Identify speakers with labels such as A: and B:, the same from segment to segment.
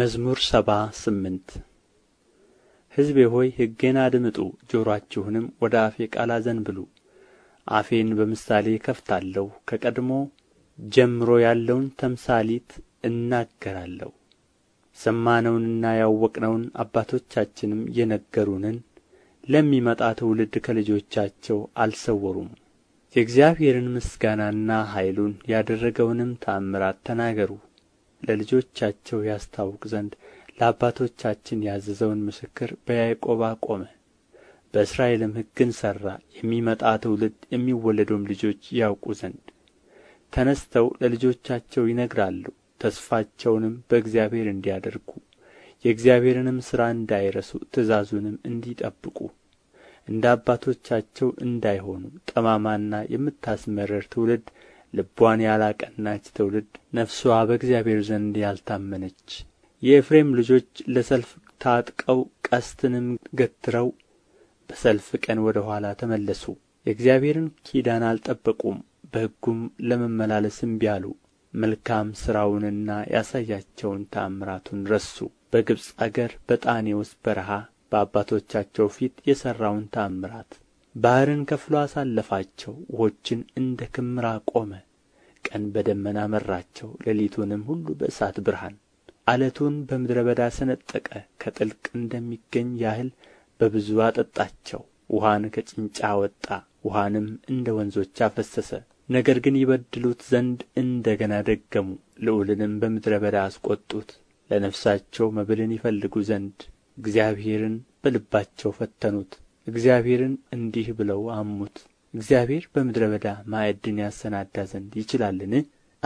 A: መዝሙር ሰባ ስምንት ሕዝቤ ሆይ ሕጌን አድምጡ ጆሮአችሁንም ወደ አፌ ቃል አዘንብሉ። አፌን በምሳሌ እከፍታለሁ፣ ከቀድሞ ጀምሮ ያለውን ተምሳሊት እናገራለሁ። ሰማነውንና ያወቅነውን አባቶቻችንም የነገሩንን ለሚመጣ ትውልድ ከልጆቻቸው አልሰወሩም። የእግዚአብሔርን ምስጋናና ኃይሉን ያደረገውንም ተአምራት ተናገሩ። ለልጆቻቸው ያስታውቅ ዘንድ ለአባቶቻችን ያዘዘውን ምስክር በያዕቆብ አቆመ በእስራኤልም ሕግን ሠራ የሚመጣ ትውልድ የሚወለዱም ልጆች ያውቁ ዘንድ ተነሥተው ለልጆቻቸው ይነግራሉ ተስፋቸውንም በእግዚአብሔር እንዲያደርጉ የእግዚአብሔርንም ሥራ እንዳይረሱ ትእዛዙንም እንዲጠብቁ እንደ አባቶቻቸው እንዳይሆኑ ጠማማና የምታስመረር ትውልድ ልብዋን ያላቀናች ትውልድ ነፍስዋ በእግዚአብሔር ዘንድ ያልታመነች የኤፍሬም ልጆች ለሰልፍ ታጥቀው ቀስትንም ገትረው በሰልፍ ቀን ወደ ኋላ ተመለሱ የእግዚአብሔርን ኪዳን አልጠበቁም በሕጉም ለመመላለስ እምቢ አሉ መልካም ሥራውንና ያሳያቸውን ተአምራቱን ረሱ በግብፅ አገር በጣኔዎስ በረሃ በአባቶቻቸው ፊት የሠራውን ተአምራት ባሕርን ከፍሎ አሳለፋቸው ውኆችን እንደ ክምር አቆመ ቀን በደመና መራቸው ሌሊቱንም ሁሉ በእሳት ብርሃን ዓለቱን በምድረ በዳ ሰነጠቀ ከጥልቅ እንደሚገኝ ያህል በብዙ አጠጣቸው ውኃን ከጭንጫ አወጣ ውኃንም እንደ ወንዞች አፈሰሰ ነገር ግን ይበድሉት ዘንድ እንደ ገና ደገሙ ልዑልንም በምድረ በዳ አስቈጡት ለነፍሳቸው መብልን ይፈልጉ ዘንድ እግዚአብሔርን በልባቸው ፈተኑት እግዚአብሔርን እንዲህ ብለው አሙት እግዚአብሔር በምድረ በዳ ማዕድን ያሰናዳ ዘንድ ይችላልን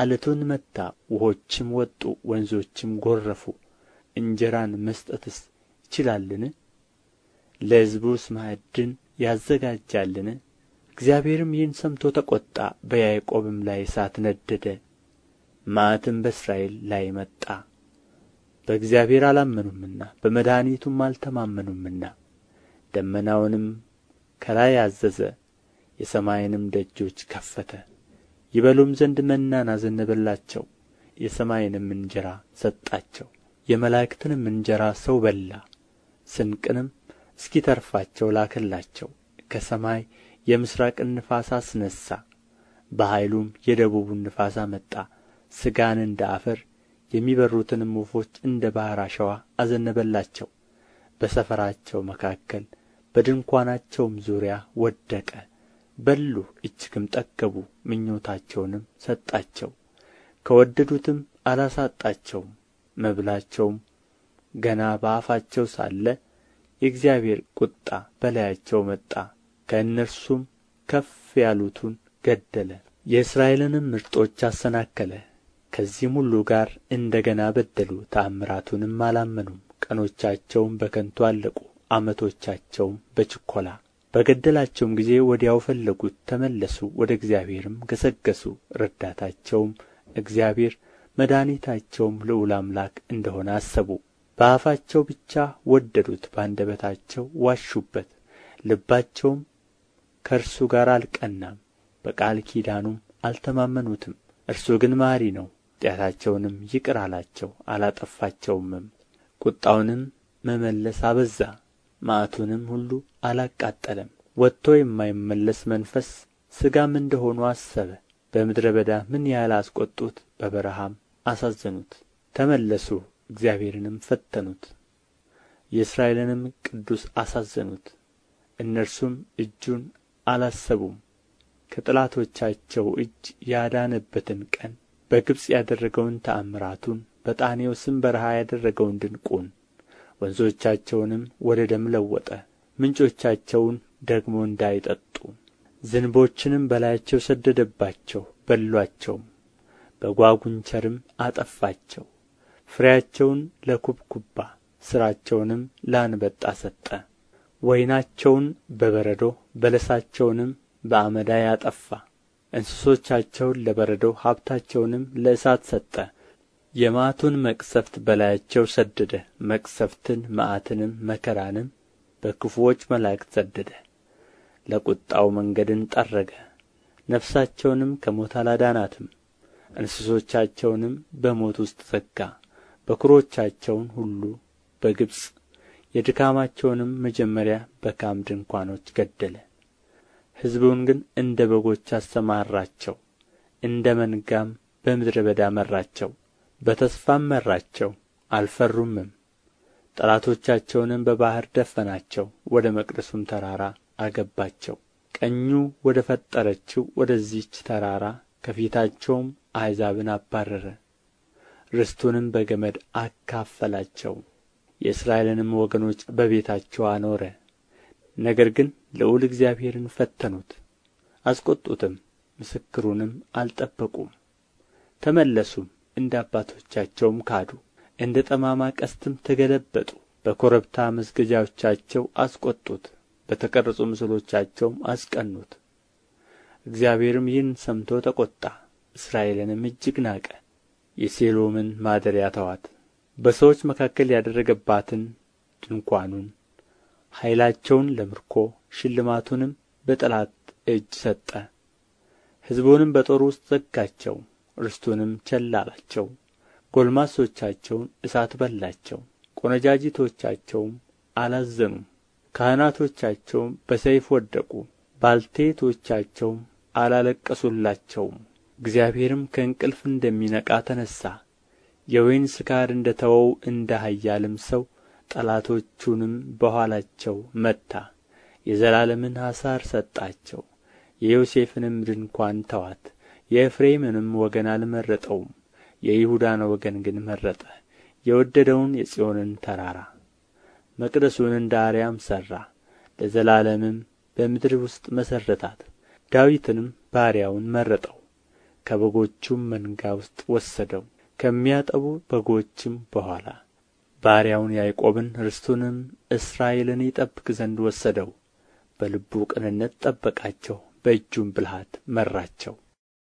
A: አለቱን መታ ውኆችም ወጡ ወንዞችም ጎረፉ እንጀራን መስጠትስ ይችላልን ለሕዝቡስ ማዕድን ያዘጋጃልን እግዚአብሔርም ይህን ሰምቶ ተቈጣ በያዕቆብም ላይ እሳት ነደደ መዓትም በእስራኤል ላይ መጣ በእግዚአብሔር አላመኑምና በመድኃኒቱም አልተማመኑምና ደመናውንም ከላይ አዘዘ የሰማይንም ደጆች ከፈተ ይበሉም ዘንድ መናን አዘነበላቸው የሰማይንም እንጀራ ሰጣቸው የመላእክትንም እንጀራ ሰው በላ ስንቅንም እስኪተርፋቸው ላከላቸው ከሰማይ የምሥራቅን ንፋስ አስነሣ በኃይሉም የደቡቡን ንፋስ አመጣ ሥጋን እንደ አፈር የሚበሩትንም ወፎች እንደ ባሕር አሸዋ አዘነበላቸው በሰፈራቸው መካከል በድንኳናቸውም ዙሪያ ወደቀ በሉ እጅግም ጠገቡ ምኞታቸውንም ሰጣቸው ከወደዱትም አላሳጣቸውም መብላቸውም ገና በአፋቸው ሳለ የእግዚአብሔር ቁጣ በላያቸው መጣ ከእነርሱም ከፍ ያሉቱን ገደለ የእስራኤልንም ምርጦች አሰናከለ ከዚህም ሁሉ ጋር እንደ ገና በደሉ ተአምራቱንም አላመኑም ቀኖቻቸውም በከንቱ አለቁ ዓመቶቻቸውም በችኰላ በገደላቸውም ጊዜ ወዲያው ፈለጉት ተመለሱ ወደ እግዚአብሔርም ገሰገሱ ረዳታቸውም እግዚአብሔር መድኃኒታቸውም ልዑል አምላክ እንደ ሆነ አሰቡ በአፋቸው ብቻ ወደዱት በአንደበታቸው ዋሹበት ልባቸውም ከእርሱ ጋር አልቀናም በቃል ኪዳኑም አልተማመኑትም እርሱ ግን ማሪ ነው ኃጢአታቸውንም ይቅር አላቸው አላጠፋቸውምም ቁጣውንም መመለስ አበዛ መዓቱንም ሁሉ አላቃጠለም ወጥቶ የማይመለስ መንፈስ ሥጋም እንደ ሆኑ አሰበ በምድረ በዳ ምን ያህል አስቈጡት በበረሃም አሳዘኑት ተመለሱ እግዚአብሔርንም ፈተኑት የእስራኤልንም ቅዱስ አሳዘኑት እነርሱም እጁን አላሰቡም ከጠላቶቻቸው እጅ ያዳነበትን ቀን በግብጽ ያደረገውን ተአምራቱን በጣኔዎስም በረሃ ያደረገውን ድንቁን ወንዞቻቸውንም ወደ ደም ለወጠ ምንጮቻቸውን ደግሞ እንዳይጠጡ ዝንቦችንም በላያቸው ሰደደባቸው በሏቸውም በጓጉንቸርም አጠፋቸው ፍሬያቸውን ለኩብኩባ ሥራቸውንም ለአንበጣ ሰጠ ወይናቸውን በበረዶ በለሳቸውንም በአመዳይ አጠፋ እንስሶቻቸውን ለበረዶ ሀብታቸውንም ለእሳት ሰጠ የማቱን መቅሰፍት በላያቸው ሰደደ መቅሰፍትን መዓትንም መከራንም በክፉዎች መላእክት ሰደደ ለቁጣው መንገድን ጠረገ ነፍሳቸውንም ከሞት አላዳናትም እንስሶቻቸውንም በሞት ውስጥ ዘጋ በኵሮቻቸውን ሁሉ በግብጽ የድካማቸውንም መጀመሪያ በካም ድንኳኖች ገደለ ሕዝቡን ግን እንደ በጎች አሰማራቸው እንደ መንጋም በምድረ በዳ መራቸው በተስፋም መራቸው አልፈሩምም ጠላቶቻቸውንም በባሕር ደፈናቸው ወደ መቅደሱም ተራራ አገባቸው ቀኙ ወደ ፈጠረችው ወደዚች ተራራ ከፊታቸውም አሕዛብን አባረረ ርስቱንም በገመድ አካፈላቸው የእስራኤልንም ወገኖች በቤታቸው አኖረ ነገር ግን ልዑል እግዚአብሔርን ፈተኑት አስቈጡትም ምስክሩንም አልጠበቁም ተመለሱም እንደ አባቶቻቸውም ካዱ እንደ ጠማማ ቀስትም ተገለበጡ በኮረብታ መስገጃዎቻቸው አስቈጡት በተቀረጹ ምስሎቻቸውም አስቀኑት እግዚአብሔርም ይህን ሰምቶ ተቈጣ እስራኤልንም እጅግ ናቀ የሴሎምን ማደሪያ ተዋት በሰዎች መካከል ያደረገባትን ድንኳኑን ኃይላቸውን ለምርኮ ሽልማቱንም በጠላት እጅ ሰጠ ሕዝቡንም በጦር ውስጥ ዘጋቸው ርስቱንም ቸል አላቸው። ጎልማሶቻቸውን እሳት በላቸው፣ ቆነጃጅቶቻቸውም አላዘኑም። ካህናቶቻቸውም በሰይፍ ወደቁ፣ ባልቴቶቻቸውም አላለቀሱላቸውም። እግዚአብሔርም ከእንቅልፍ እንደሚነቃ ተነሣ፣ የወይን ስካር እንደ ተወው እንደ ኃያልም ሰው ጠላቶቹንም በኋላቸው መታ። የዘላለምን ሐሳር ሰጣቸው፣ የዮሴፍንም ድንኳን ተዋት። የኤፍሬምንም ወገን አልመረጠውም የይሁዳን ወገን ግን መረጠ የወደደውን የጽዮንን ተራራ መቅደሱን እንደ አርያም ሠራ ለዘላለምም በምድር ውስጥ መሠረታት ዳዊትንም ባሪያውን መረጠው ከበጎቹም መንጋ ውስጥ ወሰደው ከሚያጠቡ በጎችም በኋላ ባሪያውን ያዕቆብን ርስቱንም እስራኤልን ይጠብቅ ዘንድ ወሰደው። በልቡ ቅንነት ጠበቃቸው፣ በእጁም ብልሃት መራቸው።